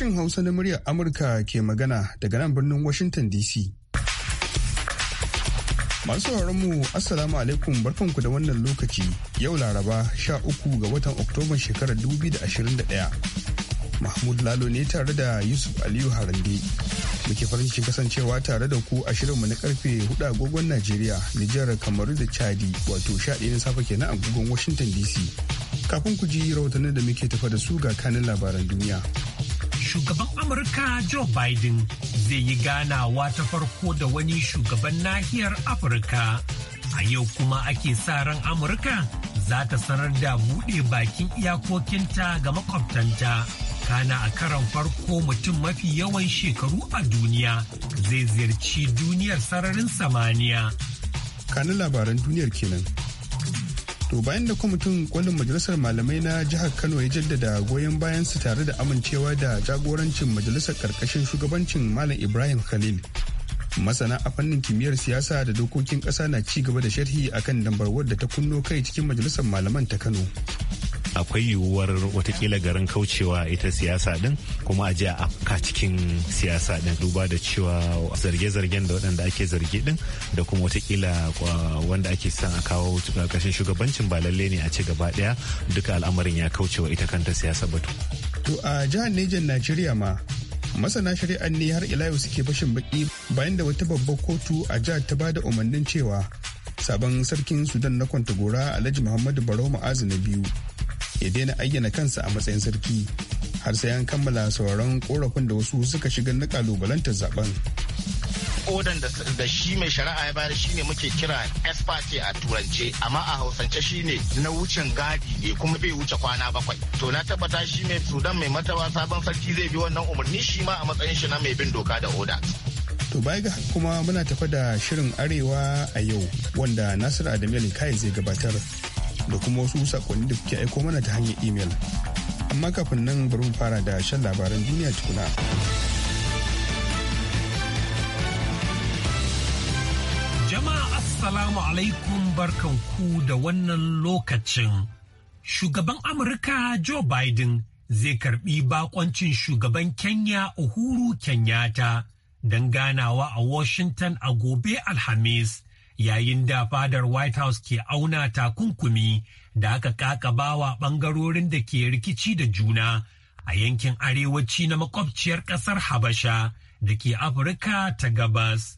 Sashen Hausa na muryar Amurka ke magana daga nan birnin Washington DC. Masu mu Assalamu alaikum barkanku da wannan lokaci yau Laraba sha uku ga watan Oktoban shekarar 2021. Mahmud Lalo ne tare da Yusuf Aliyu Harande. Muke farin cikin kasancewa tare da ku a shirinmu na karfe hudu agogon Najeriya, Nijar, Kamaru da Chadi wato sha ɗaya na safe kenan agogon Washington DC. Kafin ku ji rahotannin da muke tafa da su ga kanin labaran duniya. shugaban Amurka Joe Biden zai yi ganawa ta farko da wani shugaban nahiyar Afirka. A yau kuma ake sa ran Amurka za ta sanar da buɗe bakin iyakokinta ga makwabtanta. Kana a karan farko mutum mafi yawan shekaru a duniya zai ziyarci duniyar sararin samaniya. Kanin labaran duniyar kenan. to bayan da kwamitin kwallon majalisar malamai na jihar kano ya jaddada goyon bayan su tare da amincewa da jagorancin majalisar karkashin shugabancin malam ibrahim khalil masana a fannin kimiyyar siyasa da dokokin kasa na ci gaba da sharhi akan dambarwar da ta kunno kai cikin majalisar malaman ta kano akwai yiwuwar watakila garin kaucewa ita siyasa din kuma a je a afka cikin siyasa din duba da cewa zarge-zargen da waɗanda ake zarge din da kuma watakila wanda ake son a kawo ƙarƙashin shugabancin ba lalle ne a ce gaba ɗaya duka al'amarin ya kaucewa ita kanta siyasa batu. To a jihar Nejan Najeriya ma masana shari'ar ne har ila suke bashin baki bayan da wata babbar kotu a jihar ta bada umarnin cewa sabon sarkin sudan na kwantagora alhaji muhammadu barau ma'azu na biyu ya daina ayyana kansa a matsayin sarki har sai an kammala sauraron korafin da wasu suka shiga na kalubalantar zaben. odan da shi mai shari'a ya bayar shine muke kira esparte a turance amma a hausance shine na wucin gadi ne eh, kuma bai wuce kwana bakwai to na tabbata shi mai sudan mai matawa sabon sarki zai bi wannan umarni shi ma a matsayin shi na mai bin doka da oda to baya ga kuma muna tafa da shirin arewa a yau wanda nasir adamu kai zai gabatar da kuma wasu sakonni da kuke aiko mana ta hanyar imel. Amma kafin nan bari mu fara da shan labaran duniya tukuna. Jama'a Assalamu alaikum barkanku da wannan lokacin. Shugaban Amurka Joe Biden zai karbi bakoncin shugaban Kenya Uhuru Kenyatta don ganawa a Washington a gobe Alhamis. yayin da fadar White House ke auna takunkumi da aka kakabawa ɓangarorin da ke rikici da juna a yankin arewaci na makwabciyar ƙasar Habasha da ke Afirka ta gabas.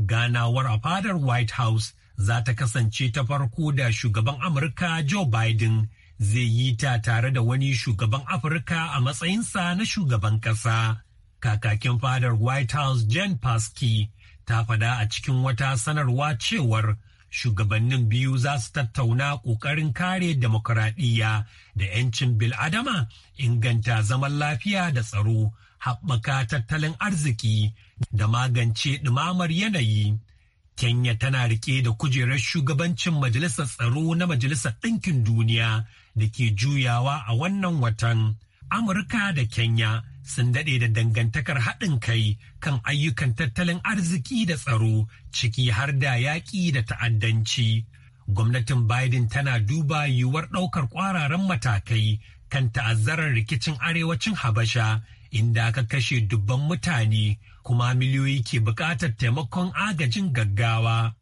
Ganawar a fadar White House za ta kasance ta farko da shugaban Amurka Joe Biden zai yi ta tare da wani shugaban Afirka a matsayinsa na shugaban ƙasa. Kakakin fadar White House Jen Paskey ta fada a cikin wata sanarwa cewar shugabannin biyu za su tattauna ƙoƙarin kare demokuraɗiyya da 'yancin bil'adama inganta zaman lafiya da tsaro haɓaka tattalin arziki da magance ɗumamar yanayi. Kenya tana rike da kujerar shugabancin Majalisar Tsaro na Majalisar Ɗinkin Duniya da ke juyawa a wannan watan. Amurka da Kenya sun daɗe da dangantakar haɗin kai kan ayyukan tattalin arziki da tsaro ciki har da yaƙi da ta'addanci. Gwamnatin Biden tana duba yiwuwar ɗaukar ƙwararan matakai kan ta'azzarar rikicin arewacin Habasha inda aka kashe dubban mutane kuma miliyoyi ke buƙatar taimakon agajin gaggawa.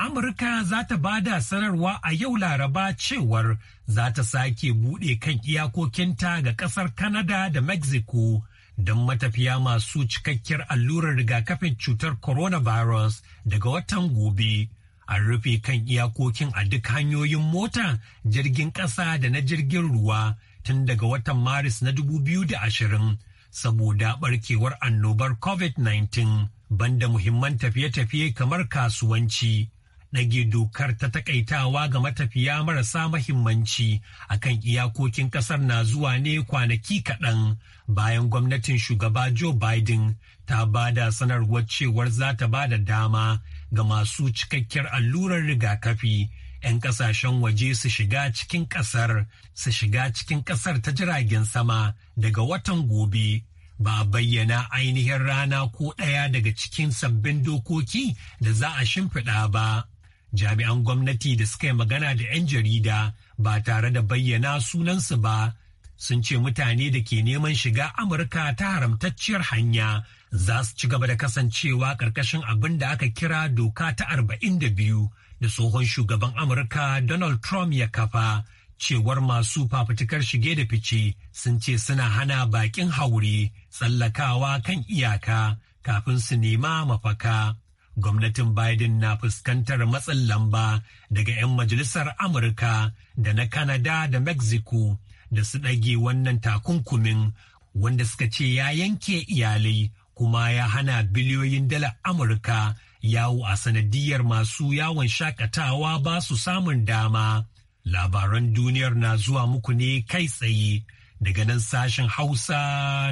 Amurka za ta ba da sanarwa a yau Laraba cewar za ta sake buɗe kan iyakokinta ga ƙasar Kanada da Mexico don matafiya masu cikakkiyar allurar rigakafin cutar coronavirus daga watan gobe. An rufe kan iyakokin a duk hanyoyin mota, jirgin ƙasa da na jirgin ruwa tun daga watan Maris na 2020 saboda barkewar annobar COVID-19 banda muhimman tafiye-tafiye kamar kasuwanci. ɗage dokar ta takaitawa ga matafiya marasa mahimmanci a kan iyakokin ƙasar na zuwa ne kwanaki kaɗan bayan gwamnatin shugaba Joe Biden ta ba da sanarwar cewar za ta ba da dama ga masu cikakkiyar allurar rigakafi 'yan ƙasashen waje su shiga cikin ƙasar su shiga cikin ƙasar ta jiragen sama daga watan gobe ba bayyana ainihin rana ko ɗaya daga cikin sabbin dokoki da za a shimfiɗa ba. jami'an gwamnati da suka yi magana da 'yan jarida ba tare da bayyana sunansu ba sun ce mutane da ke neman shiga amurka ta haramtacciyar hanya za su ci gaba da kasancewa ƙarƙashin abin da aka kira doka ta 42 da tsohon shugaban amurka donald trump ya kafa cewar masu fafutukar shige da fice sun ce suna hana bakin haure tsallakawa kan iyaka kafin su nema mafaka gwamnatin Biden na fuskantar matsin lamba daga 'yan majalisar Amurka da na Kanada da Mexico da su ɗage wannan takunkumin wanda suka ce ya yanke iyalai kuma ya hana biliyoyin dalar Amurka yawo a sanadiyar masu yawon shakatawa ba su samun dama. Labaran duniyar na zuwa muku ne kai tsaye daga nan sashen Hausa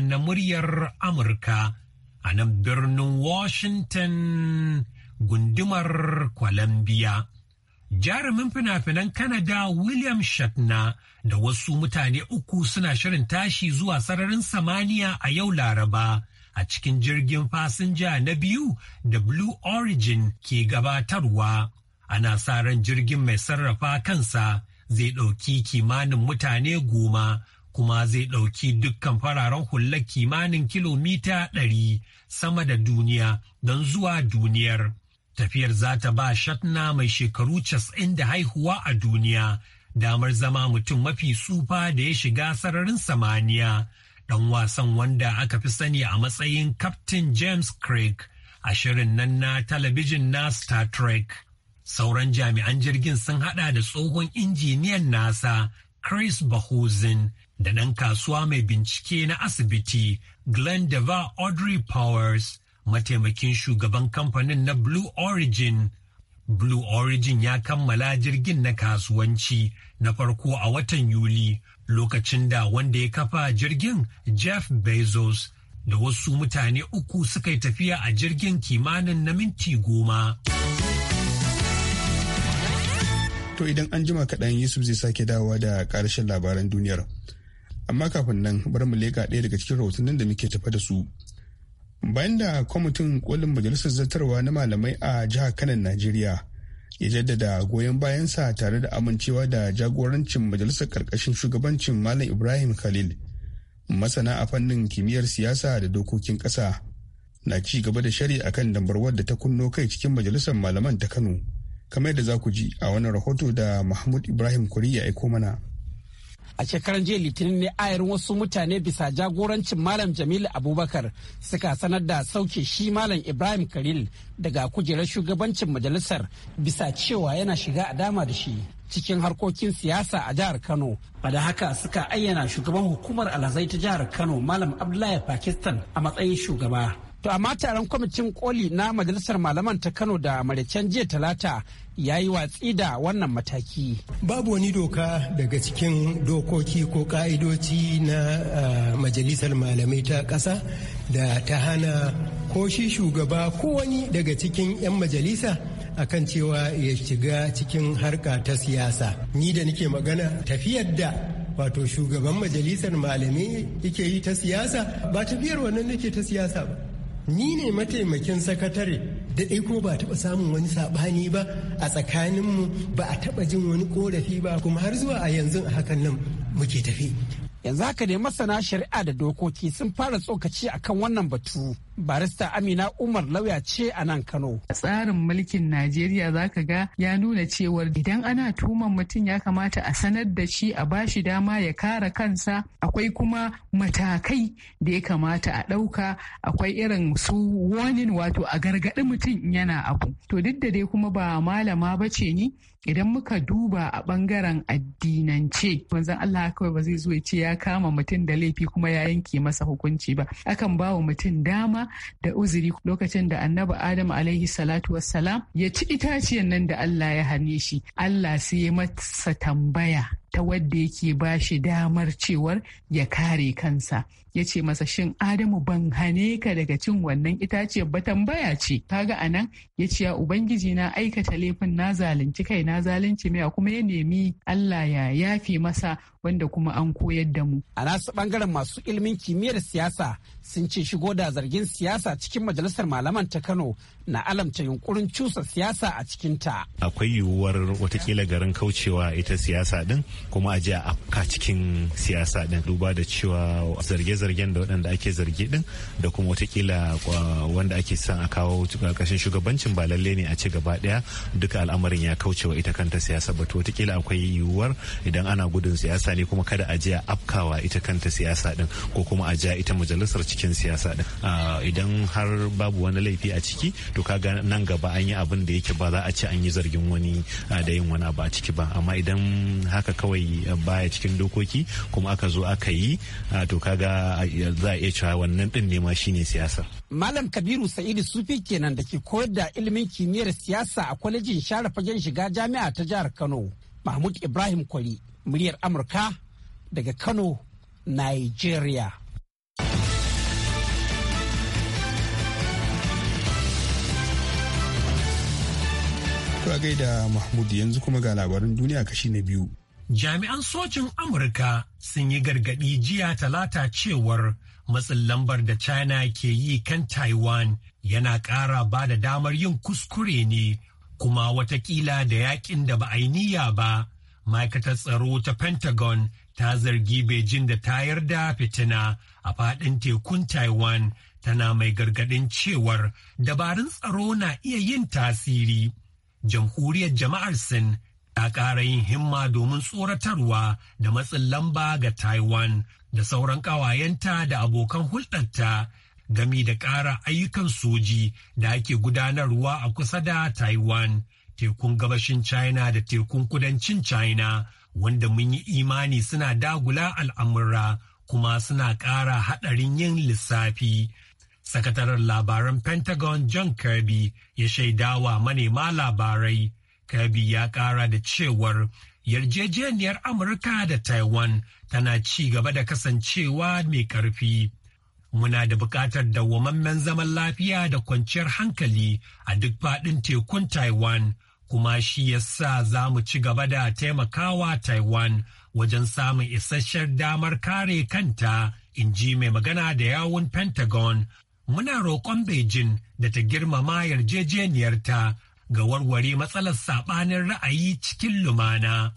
na muryar Amurka. a nan birnin Washington gundumar Columbia. Jarumin fina-finan Canada William Shatna da wasu mutane uku suna shirin tashi zuwa sararin samaniya a yau Laraba a cikin jirgin fasinja na biyu da Blue Origin ke gabatarwa. Ana sa ran jirgin mai sarrafa kansa zai ɗauki kimanin mutane goma kuma zai ɗauki dukkan fararen hular kimanin kilomita ɗari sama da duniya don zuwa duniyar. Tafiyar za ta ba Shatna mai shekaru casa'in da haihuwa a duniya damar zama mutum mafi tsufa da ya shiga sararin samaniya. Ɗan wasan wanda aka fi sani a matsayin Captain James Craig a shirin nan na talabijin na Star Trek. Sauran jami'an jirgin sun hada da tsohon injiniyan NASA Chris Bahuzin da ɗan kasuwa mai bincike na asibiti Deva Audrey Powers, mataimakin shugaban kamfanin na Blue Origin. Blue Origin ya kammala jirgin na kasuwanci na farko a watan Yuli lokacin da wanda ya kafa jirgin Jeff Bezos da wasu mutane uku suka yi tafiya a jirgin kimanin na minti goma. To idan an jima kaɗan Yusuf zai sake dawowa da ƙarshen labaran duniyar. amma kafin nan bari mu leƙa ɗaya daga cikin rahotannin da muke tafa da su bayan da kwamitin kolin majalisar zartarwa na malamai a jihar Kano najeriya ya jaddada goyon bayansa tare da amincewa da jagorancin majalisar karkashin shugabancin malam ibrahim khalil masana a fannin kimiyyar siyasa da dokokin ƙasa na ci gaba da shari akan dambarwar da ta kunno kai cikin majalisar malaman ta kano kamar yadda za ku ji a wani rahoto da mahmud ibrahim kuri ya aiko mana a shekaran jiya litinin ne ayarin wasu mutane bisa jagorancin malam jamilu abubakar suka sanar da sauke shi malam ibrahim karil daga kujerar shugabancin majalisar bisa cewa yana shiga a dama da shi cikin harkokin siyasa a jihar kano ba da haka suka ayyana shugaban hukumar alhazai ta jihar kano malam abdullahi pakistan a matsayin shugaba To amma taron kwamitin koli na majalisar malaman ta Kano da Maraicen jiya talata ya yi watsi da wannan mataki. Babu wani doka daga cikin dokoki ko ka'idoci na majalisar malamai ta ƙasa da ta hana ko shi shugaba ko wani daga cikin 'yan majalisa akan cewa ya shiga cikin harka ta siyasa. Ni da nake magana tafiyar da wato shugaban majalisar malamai yake yi ta siyasa ba tafiyar wannan nake ta siyasa ba. ni ne mataimakin sakatare da kuma ba taɓa samun wani saɓani ba a tsakaninmu ba a taɓa jin wani korafi ba kuma har zuwa a yanzu a hakan nan muke tafi yanzu haka ne masana shari'a da dokoki sun fara tsokaci akan wannan batu barista amina umar lauya ce a nan kano tsarin mulkin najeriya zaka ga ya nuna cewar idan ana tuman mutum ya kamata a sanar da shi a bashi dama ya kare kansa akwai kuma matakai da ya kamata a ɗauka akwai irin su warning wato a gargaɗi mutum yana abu to duk da dai kuma ba malama ba ce ni idan muka duba a bangaren addinance manzon Allah kawai ba zai zo ya ce ya kama mutum da laifi kuma ya yanke masa hukunci ba akan bawa mutum dama da uzuri lokacin da annabi Adam alaihi salatu wassalam ya ci itaciyan nan da Allah ya hane shi Allah sai ya masa tambaya ta wadda yake ba shi damar cewar ya kare kansa ya ce masa shin adamu ban hane ka daga cin wannan itace ba tambaya ce kaga nan ya ce ya ubangiji na aikata laifin na zalunci kai na zalunci mai kuma ya nemi Allah ya yafe masa wanda kuma an koyar da mu a nasu bangaren masu ilimin kimiyyar siyasa sun ce shigo da zargin siyasa cikin majalisar malaman ta Kano na alamta yunkurin cusa siyasa a cikinta. Akwai yiwuwar watakila garin kaucewa ita siyasa din kuma a je a cikin siyasa din duba da cewa zarge-zargen da waɗanda ake zarge din da kuma watakila wanda ake son a kawo ƙarƙashin shugabancin ba lalle ne a ci gaba ɗaya duka al'amarin ya kaucewa ita kanta siyasa ba watakila akwai yiwuwar idan ana gudun siyasa ne kuma kada a ji a afkawa ita kanta siyasa din ko kuma a ja ita majalisar cikin siyasa din ah, idan har babu wani laifi a ciki to kaga nan gaba an yi abin da yake ba za a ce an yi zargin wani da yin wani abu a ciki ba amma idan haka kawai baya cikin dokoki kuma aka zo aka yi to kaga za a iya cewa wannan din ne ma shine siyasa malam kabiru sa'idu sufi kenan da ke koyar da ilimin kimiyyar siyasa a kwalejin share fagen shiga jami'a ta jihar kano mahmud ibrahim kwari muryar amurka daga kano nigeria To gaida Mahmud yanzu kuma ga labarin duniya kashi na biyu. Jami'an sojin Amurka sun yi gargaɗi jiya talata cewar matsin lambar da China ke yi kan Taiwan yana ƙara ba da damar yin kuskure ne kuma watakila da yakin da ba a yi niyya ba. Ma'aikatar tsaro ta Pentagon ta zargi Beijing da tayar da fitina a faɗin tekun Taiwan tana mai gargaɗin cewar dabarun tsaro na iya yin tasiri. jamhuriyar jama'ar sin ta ƙara yin himma domin tsoratarwa da matsin lamba ga taiwan da sauran ƙawayenta da abokan hulɗarta gami da ƙara ayyukan soji da ake gudanarwa a kusa da taiwan tekun gabashin china da tekun kudancin china wanda mun yi imani suna dagula al'amura kuma suna ƙara haɗarin yin lissafi Sakataren labaran Pentagon John Kirby ya shaidawa manema labarai. Kirby ya ƙara da cewar yarjejeniyar Amurka da Taiwan tana ci gaba da kasancewa mai ƙarfi. Muna da buƙatar dawwamammen zaman lafiya da kwanciyar hankali a duk faɗin tekun Taiwan, kuma shi ya sa za mu ci gaba da taimakawa Taiwan wajen samun isasshen damar kare kanta, in ji mai magana da yawun Pentagon muna roƙon Beijing da ta girmama yarjejeniyarta ga warware matsalar saɓanin ra'ayi cikin lumana.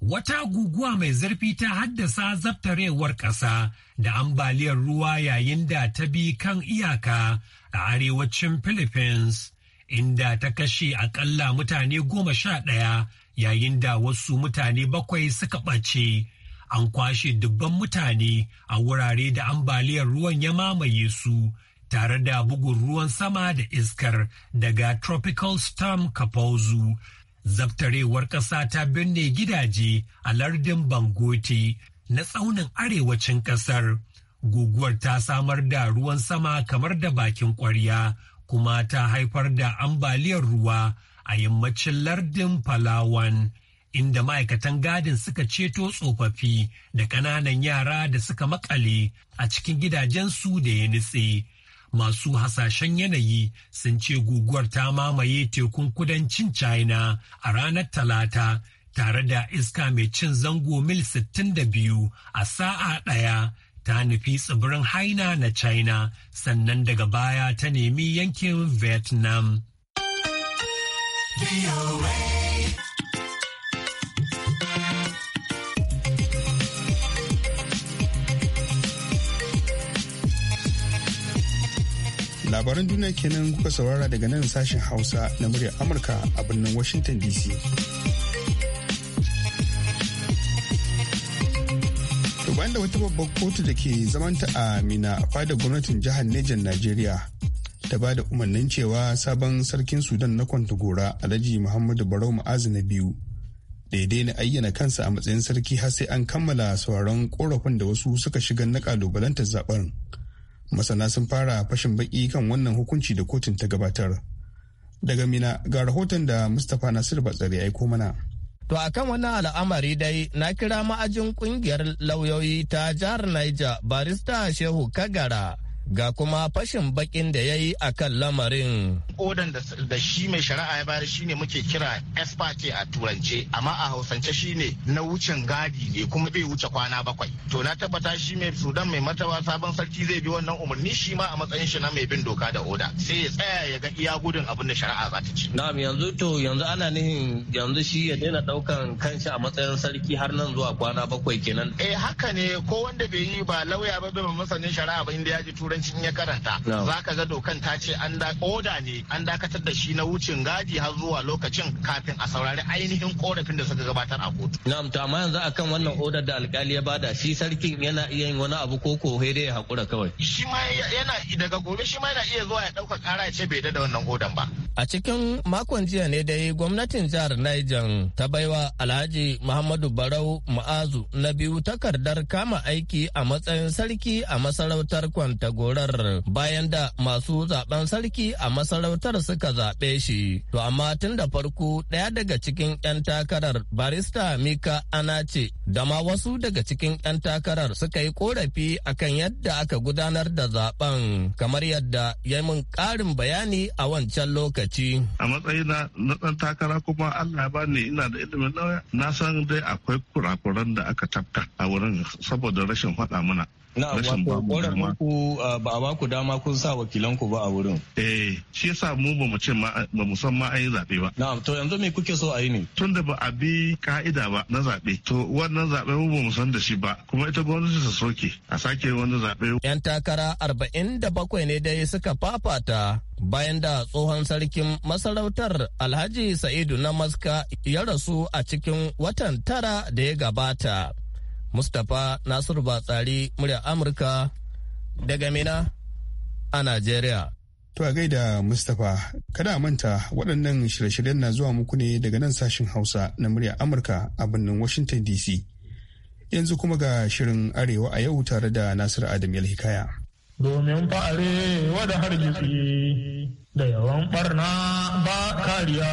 Wata guguwa mai zurfi ta haddasa zabtarewar ƙasa da ambaliyar ruwa yayin da ta bi kan iyaka a arewacin Philippines, inda ta kashe aƙalla mutane goma sha ɗaya yayin da wasu mutane bakwai suka ɓace. An kwashe dubban mutane a wurare da ambaliyar ruwan ya mamaye su tare da bugun ruwan sama da iskar daga tropical storm Kapauzu. zaftarewar ƙasa ta binne gidaje a lardin bangote na tsaunin arewacin ƙasar guguwar ta samar da ruwan sama kamar da bakin ƙwarya kuma ta haifar da ambaliyar ruwa a yammacin lardin palawan inda ma'aikatan gadin suka ceto tsofaffi da ƙananan yara da suka makale a cikin gidajensu da ya nutse. masu hasashen yanayi sun ce guguwar ta mamaye tekun kudancin china a ranar talata tare da iska mai cin zango mil 62 a sa'a ɗaya ta nufi tsibirin haina na china sannan daga baya ta nemi yankin vietnam. labaran duniya kenan kuka saurara daga nan sashen hausa na muryar amurka a birnin washington dc bayan da wata babbar kotu da ke zamanta a mina fada gwamnatin jihar nejan najeriya ta ba da umarnin cewa sabon sarkin sudan na kwantagora alhaji muhammadu barau ma'azu na biyu daidai na ayyana kansa a matsayin sarki har sai an kammala sauraron korafin da wasu suka shiga na kalubalantar zaben masana sun fara fashin baki kan wannan hukunci da kotun ta gabatar daga mina ga rahoton da mustapha nasir batsari ya aiko mana To a kan wannan al'amari dai na kira ma'ajin kungiyar lauyoyi ta jihar Niger barista Shehu Kagara ga kuma fashin bakin da ya yi a kan lamarin. Odan da shi mai shari'a ya bayar ne muke kira espate a turance amma a hausance shi ne na wucin gadi ne kuma bai wuce kwana bakwai. To na tabbata shi mai sudan mai matawa sabon sarki zai bi wannan umarni shi ma a matsayin shi na mai bin doka da oda sai ya tsaya ya ga iya gudun abin da shari'a za ta ci. Na'am yanzu to yanzu ana nihin yanzu shi ya daina ɗaukan kanshi a matsayin sarki har nan zuwa kwana bakwai kenan. Eh haka ne ko wanda bai yi ba lauya ba bai masanin shari'a ba inda ya ji turanci. turanci ya karanta za ka ga dokan ta ce an da oda ne an dakatar da shi na wucin gadi har zuwa lokacin kafin a saurari ainihin korafin da suka gabatar a kotu. Na'am to amma yanzu akan wannan odar da alkali ya bada shi sarkin yana iya yin wani abu ko ko dai ya hakura kawai. Shi ma yana daga gobe shi ma yana iya zuwa ya dauka kara ya ce bai da wannan odan ba. A cikin makon jiya ne dai gwamnatin jihar Niger ta baiwa Alhaji Muhammadu Barau Ma'azu na biyu takardar kama aiki a matsayin sarki a masarautar Kwantago. gorar bayan da masu zaben sarki a masarautar suka zaɓe shi. To amma tun da farko ɗaya daga cikin 'yan takarar barista Mika ce da ma wasu daga cikin 'yan takarar suka yi korafi akan yadda aka gudanar da zaben kamar yadda ya min ƙarin bayani a wancan lokaci. A matsayina na ɗan takara kuma Allah ya bani ina da ilimin lauya na san dai akwai kurakuran da aka tafka a wurin saboda rashin faɗa mana na wato muku uh, ba a ba ku dama kun sa wakilan ku ba a wurin eh shi yasa mu ba mu ce ba mu san ma an yi zaɓe ba na to yanzu me kuke so a yi ne tun da ba a bi ka'ida ba na zaɓe to wannan zaɓe mu ba mu san da shi ba kuma ita gwamnati ta soke a sake wani zaɓe yan takara arba'in da bakwai ne dai suka fafata bayan da tsohon sarkin masarautar alhaji sa'idu na maska ya rasu a cikin watan tara da ya gabata Mustapha Nasiru Batsari murya Amurka daga Mina a Najeriya. To a gaida Mustapha, kada manta waɗannan shirye-shiryen na zuwa muku ne daga nan sashen Hausa na murya Amurka a birnin Washington DC. Yanzu kuma ga shirin Arewa a yau tare da Nasiru Adam Hikaya. Domin arewa da hargitsi da yawan barna ba kariya.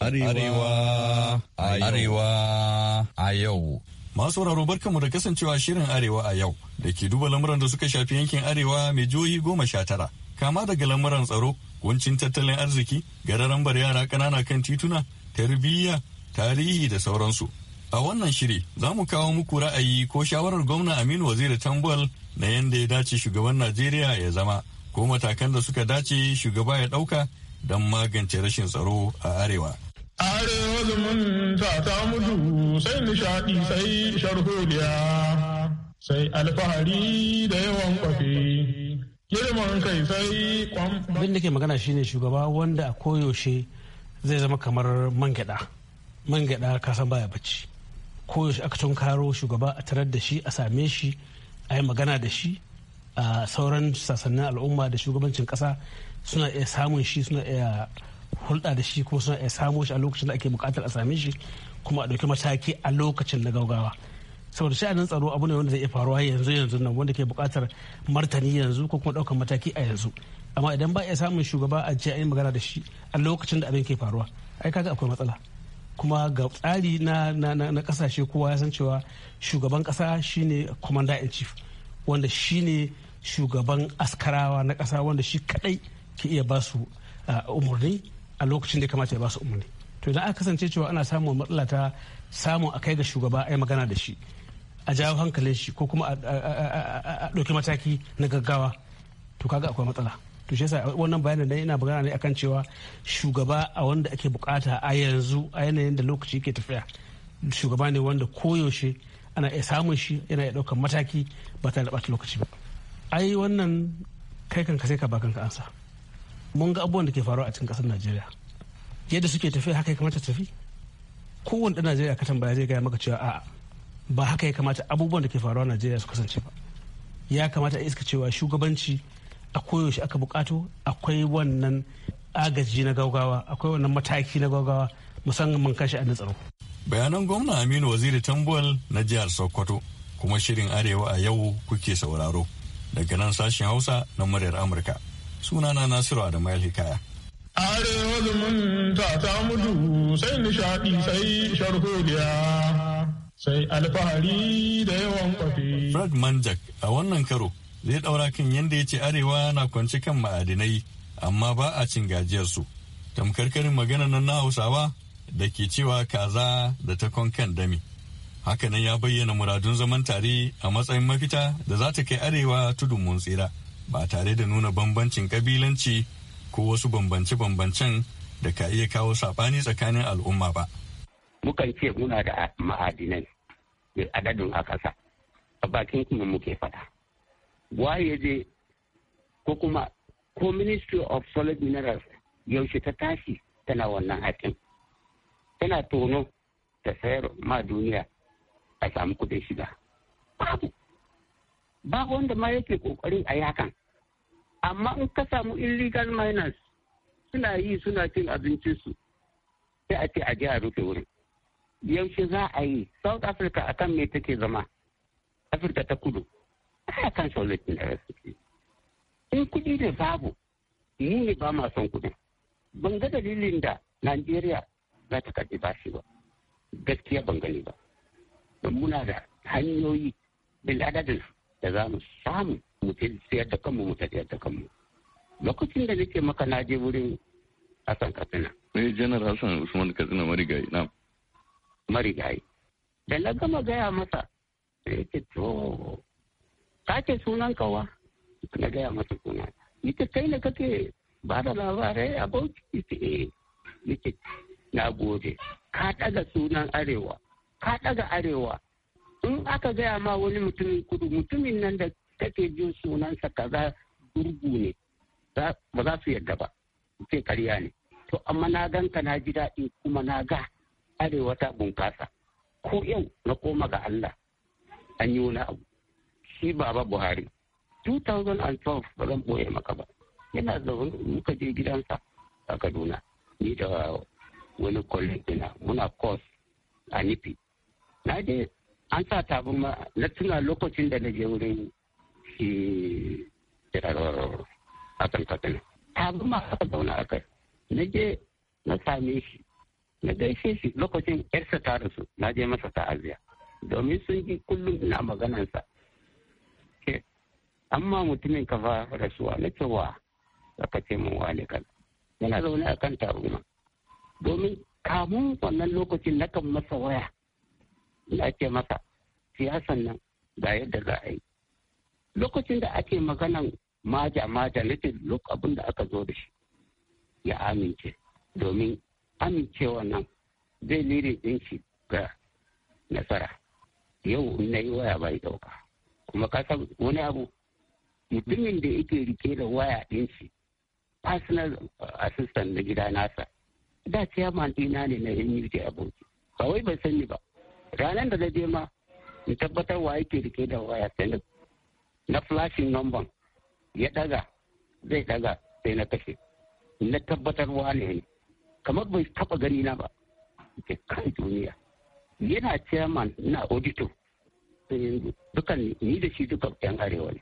Arewa, arewa, a yau. Masu sauraro barkanmu da kasancewa shirin Arewa a yau da ke duba lamuran da suka shafi yankin Arewa mai jihohi goma sha tara. Kama daga lamuran tsaro, kuncin tattalin arziki, gararan bar yara ƙanana kan tituna, tarbiyya, tarihi da sauransu. A wannan shiri za mu kawo muku ra'ayi ko shawarar gwamna Aminu Waziri tambal na yadda ya dace shugaban Najeriya ya zama ko matakan da suka dace shugaba ya ɗauka don magance rashin tsaro a Arewa. Arewa zumunta ta mutu sai nishaɗi sai sharholiya sai alfahari da yawan kwafe. Girman kai sai kwam. Abin da ke magana shine shugaba wanda a koyaushe zai zama kamar man gyaɗa. Man gyaɗa ka san baya bacci. Koyaushe aka tun shugaba a tarar da shi a same shi a yi magana da shi a sauran sassanin al'umma da shugabancin kasa suna iya samun shi suna iya hulɗa da shi kuma suna iya samo shi a lokacin da ake buƙatar a same shi kuma a ɗauki mataki a lokacin na gaugawa saboda shi a nan tsaro abu ne wanda zai iya faruwa yanzu yanzu nan wanda ke buƙatar martani yanzu ko kuma ɗaukar mataki a yanzu amma idan ba iya samun shugaba a ce a yi magana da shi a lokacin da abin ke faruwa ai kaga akwai matsala kuma ga tsari na na na kasashe kowa ya san cewa shugaban kasa shine commander in chief wanda shine shugaban askarawa na kasa wanda shi kadai ke iya basu ah, umurni. a lokacin da ya kamata ya ba su umarni to idan aka kasance cewa ana samun matsala ta samun a kai ga shugaba a yi magana da shi a jawo hankalin shi ko kuma a ɗauki mataki na gaggawa to kaga akwai matsala to shi yasa wannan bayanin da ina magana ne akan cewa shugaba a wanda ake bukata a yanzu a yanayin da lokaci ke tafiya shugaba ne wanda koyaushe ana iya samun shi yana iya ɗaukar mataki ba tare da ɓata lokaci ba ai wannan kai kanka sai ka ba kanka ansa mun ga abubuwan da ke faruwa a cikin kasar najeriya yadda suke tafiya haka ya kamata tafi kowane ɗan najeriya ka tambaya zai gaya maka cewa a ba haka ya kamata abubuwan da ke faruwa a najeriya su kasance ba ya kamata a iska cewa shugabanci a koyaushe aka bukato akwai wannan agaji na gaugawa akwai wannan mataki na gaugawa musamman kashi a tsaro. bayanan gwamna aminu waziri tambuwal na jihar sokoto kuma shirin arewa a yau kuke sauraro daga nan sashen hausa na muryar amurka sunana nasiru mayar hikaya arewa zumunta ta mudu sai nishaɗi sai sharhodiya sai alfahari da yawan kwafi. Fred Manjak a wannan karo zai ɗaura kan yadda ya ce arewa na kwanci kan ma'adinai amma ba a cin gajiyarsu. Tamkar karin magana nan na Hausawa da ke cewa kaza da takon kan dami. Hakanan ya bayyana muradun zaman tare a matsayin mafita da za ta kai arewa tudun mun tsira. ba tare da nuna bambancin kabilanci ko wasu bambance-bambancen da ka iya kawo sabani tsakanin al'umma ba. Mukan ce muna da ma'adinai adadin a ƙasa, a bakin kuma muke faɗa. Waye je ko kuma ko Ministry of Solid Minerals yaushe ta tashi tana wannan haƙin. Tana tono ta sayar ma duniya a samu kuɗin shiga. ba wanda ma yake kokarin a yakan amma in ka samu illegal miners suna yi suna cin abincinsu sai a ce a je a rufe wurin yaushe za a yi south africa akan me take zama afirka ta kudu a kan solution da in kudi ne babu ni ne ba ma son kudin ban ga dalilin da najeriya za ta karbi bashi ba gaskiya ban gani ba muna da hanyoyi bil adadin da za mu samu mu siyar da kanmu mu tafiyar da kanmu lokacin da nake maka na je wurin Hassan Katsina. Eh Janar Hassan Usman Katsina marigayi na. Marigayi. Da na gama gaya masa sai ce to ka ce sunan kawa na gaya masa suna. Ita kai ne kake ba da labarai a bauchi ce eh nake na gode ka daga sunan arewa ka daga arewa in aka gaya ma wani mutumin kudu mutumin nan da kake jin sunansa kaza gurgu ne ba za su yadda ba ce karya ne to amma na ganka na ji daɗi kuma na ga arewa ta bunkasa ko yau na koma ga Allah an yi wani abu shi baba Buhari 2012 ba zan boye maka ba yana zaune muka je gidansa a Kaduna ni da wani kwallon muna kos a nufi na je an sa ma na tuna lokacin da na je wurin shi jirarwar akan katsina ma aka zauna a kai na je na same shi na gaishe shi lokacin yarsa ta rasu na je masa ta'aziya domin sun ji kullum ina maganansa amma mutumin ka fa rasuwa na cewa aka ce mun wane kan yana zaune a kan ma domin kamun wannan lokacin na kan masa waya ya ce maka siyasan nan ga yadda za a yi lokacin da ake maganan maja maja na ce abin da aka zo da shi ya amince domin amincewa nan zai liri din shi ga nasara yau na yi waya bai dauka kuma ka san wani abu mutumin da yake rike da waya din shi personal assistant na gida nasa da chairman dina ne na yin NUJ aboki ba wai ban sani ba ranar da na je ma in tabbatar wa yake rike da waya sai na flashing number ya daga zai daga sai na kashe na tabbatar wa ne kamar bai taba gani na ba ke kan duniya yana chairman na auditor dukan ni da shi dukan yan arewa ne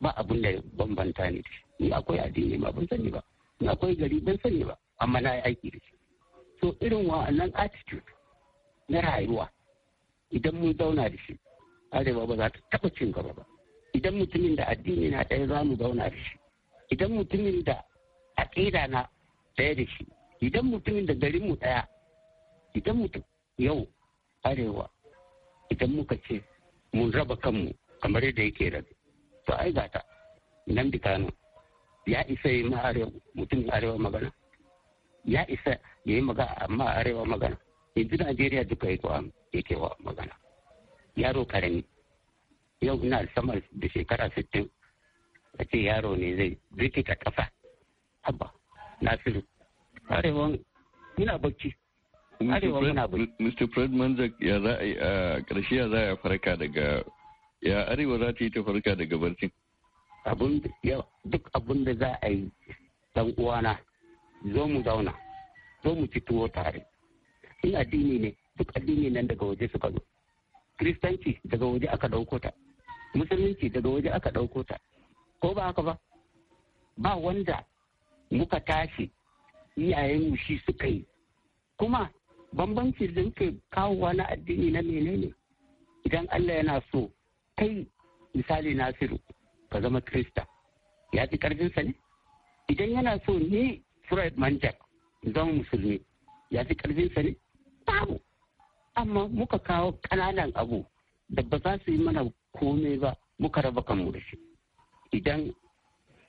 ba abin da bambanta ne ni akwai addini ma ban sani ba ni akwai gari ban sani ba amma na yi aiki da shi so irin wa'annan attitude na rayuwa idan mun zauna da shi arewa ba za ta taɓa cin gaba ba idan mutumin da addini na ɗaya za mu zauna da shi idan mutumin da aƙida na ɗaya da shi idan mutumin da garin mu ɗaya idan mutum yau arewa idan muka ce mun raba kanmu kamar yadda yake rabe to ai gata nan da kano ya isa yi ma arewa mutumin arewa magana ya isa ya yi amma arewa magana yanzu najeriya duka yake wa magana yaro karami yau ina sama da shekara sittin a ce yaro ne zai rikita ƙasa haba nasiru arewan muna bacci arewa bacci mr fred manzak ya za a yi a ƙarshe ya za a farka daga ya arewa za ta yi ta farka daga barcin duk abin da za a yi dan uwana zo mu zauna zo mu fito tare in addini ne duk addini nan daga waje suka zo kiristanci daga waje aka ɗauko ta musulunci daga waje aka ɗauko ta ko ba haka ba ba wanda muka tashi iyayenmu shi suka yi kuma bambanci da ke kawowa na addini na menene idan Allah yana so kai misali nasiru ka zama krista ya fi karfinsa ne idan yana so ni Freud Manjak zama musulmi ya fi karfinsa ne babu amma muka kawo kananan abu da ba za su yi mana komai ba muka raba kanmu da shi idan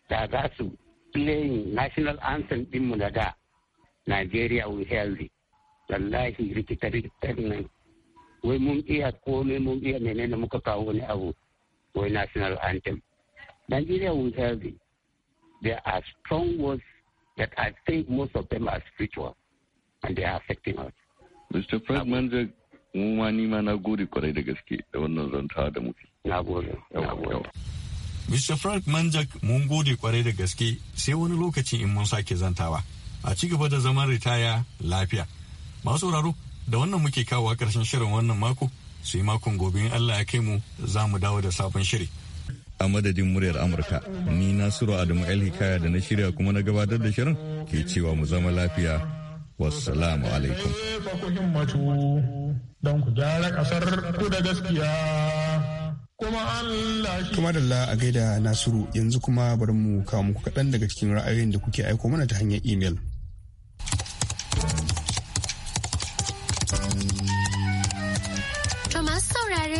da za su playing national anthem dinmu na da Nigeria we healthy wallahi rikita rikitar nan wai mun iya kome mun iya menene muka kawo wani abu wai national anthem Nigeria we healthy there are strong words that I think most of them are spiritual and they are affecting us Mr. President, mun ma ni ma na gode kwarai da gaske da wannan zantawa da muke. Na gode. Mr. Frank Manjak mun gode kwarai da gaske sai wani lokaci in mun sake zantawa. A ci gaba da zaman ritaya lafiya. Masu sauraro da wannan muke kawo karshen shirin wannan mako sai makon gobe in Allah ya kai mu za mu dawo da sabon shiri. A madadin muryar Amurka, ni Nasiru Adamu El Hikaya da na shirya kuma na gabatar da shirin ke cewa mu zama lafiya wassalamu alaikum ku himmatu don ku gyara kasar ku da gaskiya kuma Allah a gaida Nasiru yanzu kuma bari mu kawo muku kaɗan daga cikin ra'ayoyin da kuke aiko mana ta hanyar imel.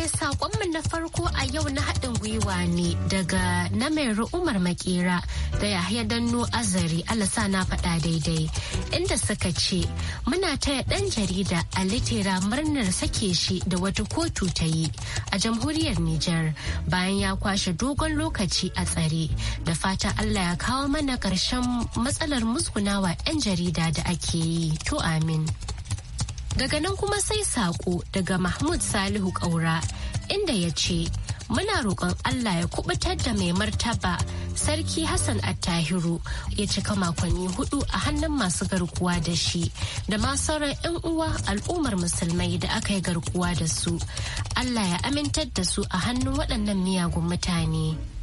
saƙonmu na farko a yau na haɗin gwiwa ne daga na mai Umar Makera da Yahaya Danno Azari alasa na faɗa daidai inda suka ce muna taya ɗan jarida a litera murnar sake shi da wata kotu ta yi a jamhuriyar Nijar bayan ya kwashe dogon lokaci a tsare da fata Allah ya kawo mana ƙarshen matsalar musgunawa 'yan jarida da ake yi to amin. Daga nan kuma sai saƙo daga Mahmud Salihu Ƙaura inda ya ce, Muna roƙon Allah ya kubutar da mai martaba Sarki Hassan Attahiru ya cika makonni hudu a hannun masu garkuwa da shi da ma sauran 'yan uwa al'ummar musulmai da aka yi garkuwa da su. Allah ya amintar da su a hannun waɗannan miyagun mutane.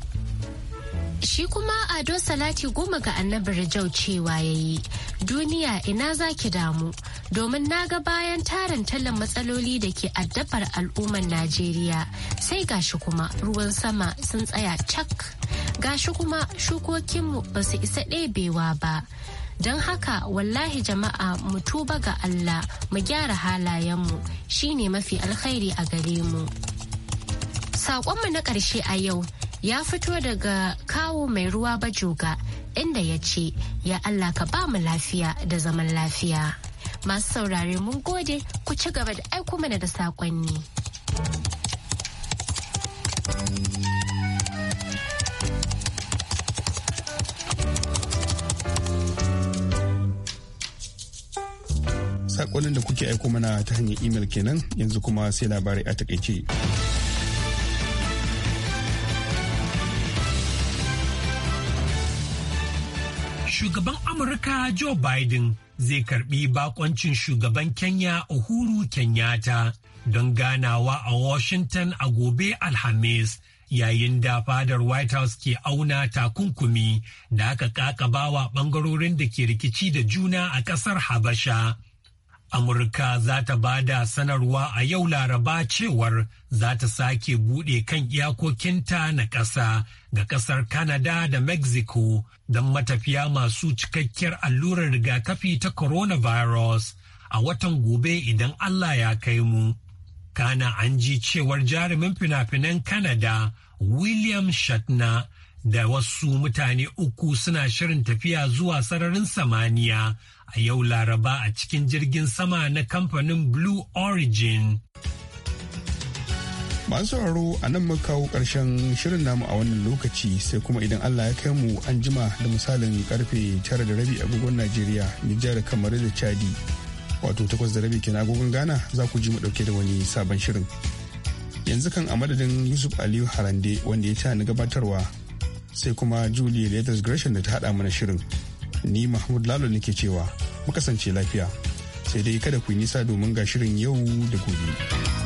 Shi kuma Ado Salati goma ga annabi Rajau cewa ya yi, duniya ina za ki damu, domin na ga bayan tarin tallan matsaloli da ke addabar al'ummar Najeriya sai gashi kuma ruwan sama sun tsaya cak, gashi kuma shukokinmu ba su isa ɗebewa ba. don haka wallahi jama'a mu tuba ga Allah mu gyara halayenmu shine mafi alkhairi a gare mu. Saƙonmu na ƙarshe a yau ya fito daga kawo mai ruwa bajoga inda ya ce ya Allah ka ba mu lafiya da zaman lafiya. Masu saurare mun gode ku ci gaba da aiko mana da saƙonni. Saƙonin da kuke aiko mana ta hanyar imel kenan yanzu kuma sai labarai a takaice. Amurka Joe Biden zai karbi bakoncin shugaban Kenya Uhuru Kenyatta don ganawa a Washington a gobe Alhamis. Yayin da fadar White House ke auna takunkumi da aka kakabawa bangarorin da ke rikici da juna a kasar Habasha. Amurka za ta ba da sanarwa a yau Laraba cewar za ta sake buɗe kan iyakokinta na ƙasa ga ƙasar Kanada da Mexico don matafiya masu cikakkiyar allurar rigakafi ta coronavirus a watan gobe idan Allah ya kai mu. Kana an ji cewar jarumin fina-finan Kanada, William Shatner da wasu mutane uku suna shirin tafiya zuwa sararin samaniya a yau Laraba a cikin jirgin sama na kamfanin Blue Origin. Masu sauraro a nan mu kawo ƙarshen shirin namu a wannan lokaci sai kuma idan Allah ya kai mu an jima da misalin karfe tara da rabi agogon Najeriya, Nijar, kamar da Chadi. Wato takwas da rabi kenan agogon Ghana za ku ji mu dauke da wani sabon shirin. Yanzu kan a madadin Yusuf Aliyu Harande wanda ya ta ni gabatarwa sai kuma Julie Letters Gresham da ta haɗa mana shirin. ni mahmud lalo nake cewa mu kasance lafiya sai dai kada ku yi nisa domin ga shirin yau da gobe.